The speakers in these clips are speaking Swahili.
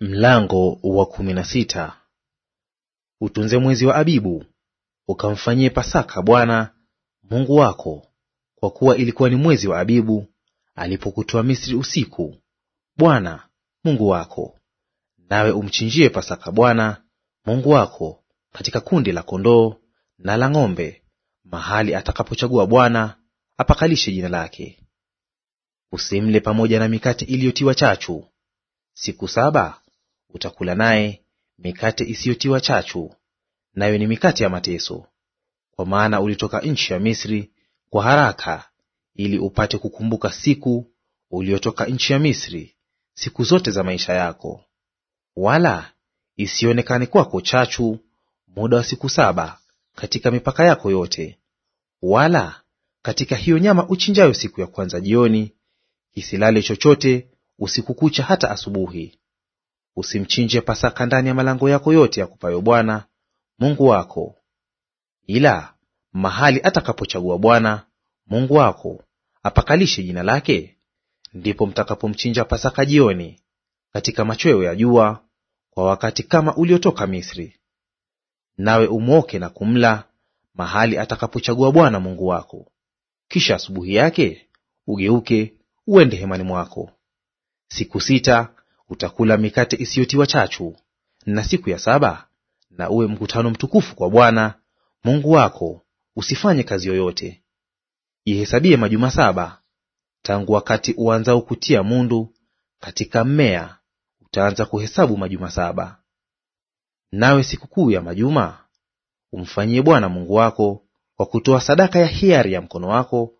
Mlango wa kumi na sita. Utunze mwezi wa Abibu ukamfanyie Pasaka Bwana Mungu wako, kwa kuwa ilikuwa ni mwezi wa Abibu alipokutoa Misri usiku Bwana Mungu wako. Nawe umchinjie Pasaka Bwana Mungu wako katika kundi la kondoo na la ng'ombe, mahali atakapochagua Bwana apakalishe jina lake. Usimle pamoja na mikate iliyotiwa chachu siku saba Utakula naye mikate isiyotiwa chachu, nayo ni mikate ya mateso, kwa maana ulitoka nchi ya Misri kwa haraka, ili upate kukumbuka siku uliotoka nchi ya Misri siku zote za maisha yako. Wala isionekane kwako chachu muda wa siku saba katika mipaka yako yote, wala katika hiyo nyama uchinjayo siku ya kwanza jioni, isilale chochote usiku kucha hata asubuhi. Usimchinje Pasaka ndani ya malango yako yote yakupayo Bwana Mungu wako, ila mahali atakapochagua Bwana Mungu wako apakalishe jina lake, ndipo mtakapomchinja Pasaka jioni katika machweo ya jua, kwa wakati kama uliotoka Misri. Nawe umwoke na kumla mahali atakapochagua Bwana Mungu wako. Kisha asubuhi yake ugeuke uende hemani mwako. Siku sita utakula mikate isiyotiwa chachu, na siku ya saba na uwe mkutano mtukufu kwa Bwana Mungu wako, usifanye kazi yoyote. ihesabie majuma saba tangu wakati uanzao kutia mundu katika mmea, utaanza kuhesabu majuma saba. Nawe sikukuu ya majuma umfanyie Bwana Mungu wako kwa kutoa sadaka ya hiari ya mkono wako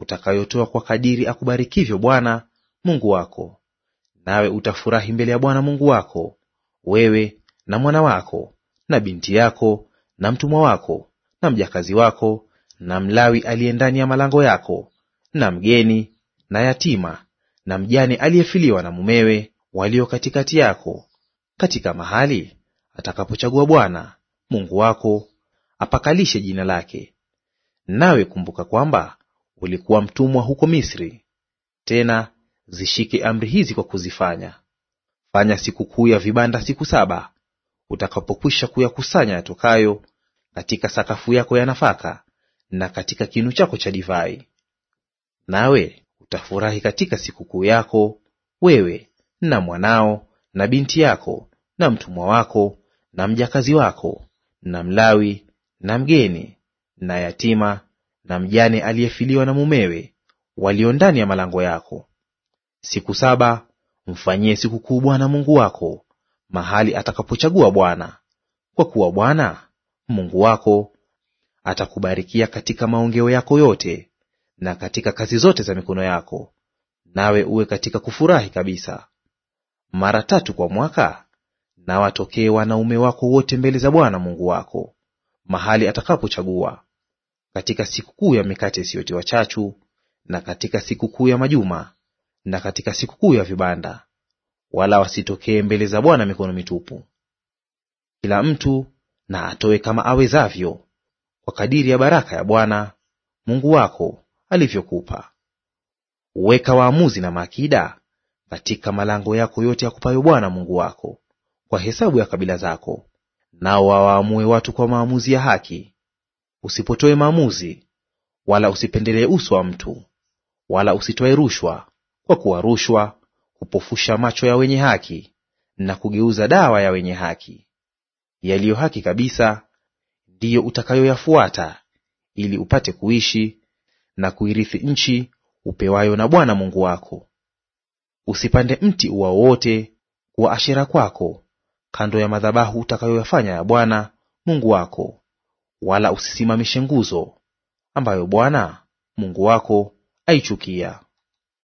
utakayotoa kwa kadiri akubarikivyo Bwana Mungu wako nawe utafurahi mbele ya Bwana Mungu wako, wewe na mwana wako na binti yako na mtumwa wako na mjakazi wako na Mlawi aliye ndani ya malango yako na mgeni na yatima na mjane aliyefiliwa na mumewe, walio katikati yako, katika mahali atakapochagua Bwana Mungu wako apakalishe jina lake. Nawe kumbuka kwamba ulikuwa mtumwa huko Misri, tena zishike amri hizi kwa kuzifanya. Fanya sikukuu ya vibanda siku saba, utakapokwisha kuyakusanya yatokayo katika sakafu yako ya nafaka na katika kinu chako cha divai. Nawe utafurahi katika sikukuu yako, wewe na mwanao na binti yako na mtumwa wako na mjakazi wako na Mlawi na mgeni na yatima na mjane aliyefiliwa na mumewe, walio ndani ya malango yako. Siku saba mfanyie sikukuu Bwana Mungu wako mahali atakapochagua Bwana, kwa kuwa Bwana Mungu wako atakubarikia katika maongeo yako yote na katika kazi zote za mikono yako, nawe uwe katika kufurahi kabisa. Mara tatu kwa mwaka na watokee wanaume wako wote mbele za Bwana Mungu wako mahali atakapochagua, katika sikukuu ya mikate isiyotiwa chachu na katika sikukuu ya majuma na katika sikukuu ya vibanda, wala wasitokee mbele za Bwana mikono mitupu. Kila mtu na atoe kama awezavyo kwa kadiri ya baraka ya Bwana Mungu wako alivyokupa. Weka waamuzi na maakida katika malango yako yote akupayo Bwana Mungu wako kwa hesabu ya kabila zako, nao wawaamue watu kwa maamuzi ya haki. Usipotoe maamuzi, wala usipendelee uso wa mtu, wala usitoe rushwa, kwa kuwa rushwa hupofusha macho ya wenye haki na kugeuza dawa ya wenye haki. Yaliyo haki kabisa ndiyo utakayoyafuata, ili upate kuishi na kuirithi nchi upewayo na Bwana Mungu wako. Usipande mti uwao wote kuwa ashera kwako kando ya madhabahu utakayoyafanya ya Bwana Mungu wako, wala usisimamishe nguzo ambayo Bwana Mungu wako aichukia.